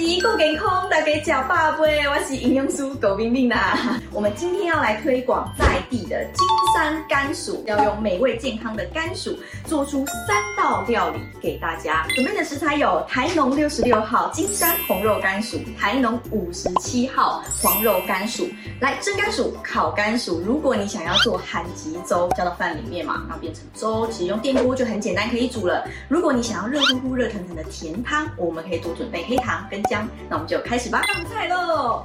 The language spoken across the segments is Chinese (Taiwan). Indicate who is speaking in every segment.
Speaker 1: 呷甘藷顧健康，大家呷百二，我是營養師高敏敏吶。 我們今天要來推廣在地的金山甘薯，要用美味健康的甘薯做出三道料理給大家。準備的食材有台農六十六號金山紅肉甘薯、台農五十七號黃肉甘薯。來蒸甘薯、烤甘薯。如果你想要做憨吉粥，加到飯裡面嘛，然後變成粥，其實用電鍋就很簡單可以煮了。如果你想要熱乎乎、熱騰騰的甜湯，我們可以多準備黑糖跟。香，那我們就開始吧，上菜嘍。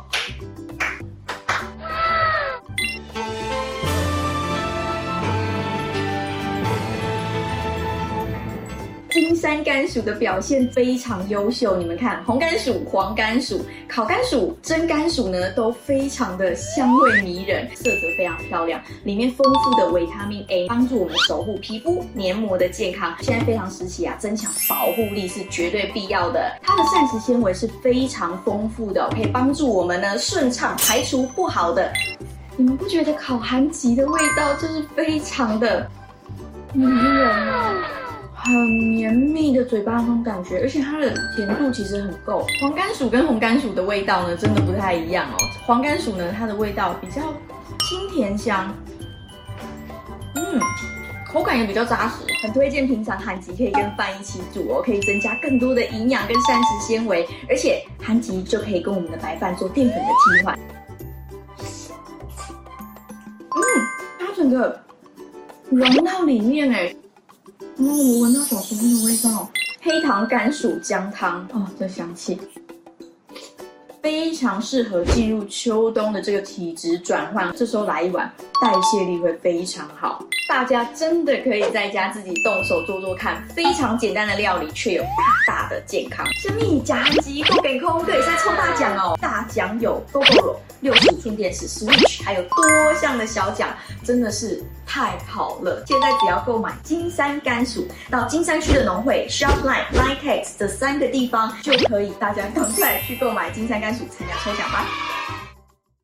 Speaker 1: 金山甘薯的表現非常優秀，你們看，紅甘薯、黃甘薯、烤甘薯、蒸甘薯呢，都非常的香味迷人，色澤非常漂亮。裡面豐富的維他命 A，幫助我們守護皮膚黏膜的健康。現在非常時期啊，增強保護力是絕對必要的。它的膳食纖維是非常豐富的，可以幫助我們呢順暢排除不好的。你們不覺得烤憨吉的味道就是非常的迷人嗎？很綿密的嘴巴那種感覺，而且它的甜度其實很夠。黃甘薯跟紅甘薯的味道呢，真的不太一樣哦、喔。黃甘薯呢，它的味道比較清甜香，嗯，口感也比較扎實，很推薦。平常憨吉可以跟飯一起煮哦、喔，可以增加更多的營養跟膳食纖維，而且憨吉就可以跟我們的白飯做澱粉的替換。嗯，它整個融到裡面哎、欸。哦，我聞到小時候的味道。黑糖甘薯薑湯哦，這香氣非常適合進入秋冬的這個體質轉換，這時候來一碗，代謝力會非常好。大家真的可以在家自己動手做做看，非常簡單的料理，卻有大大的健康。呷甘藷，顧健康，在抽大獎哦！獎有 gogoro 六十五寸電視、Switch，還有多項的小獎，真的是太好了！現在只要購買金山甘薯，到金山區的農會 Shopline、LINE TAXI 這三個地方就可以，大家趕快去購買金山甘薯參加抽獎吧！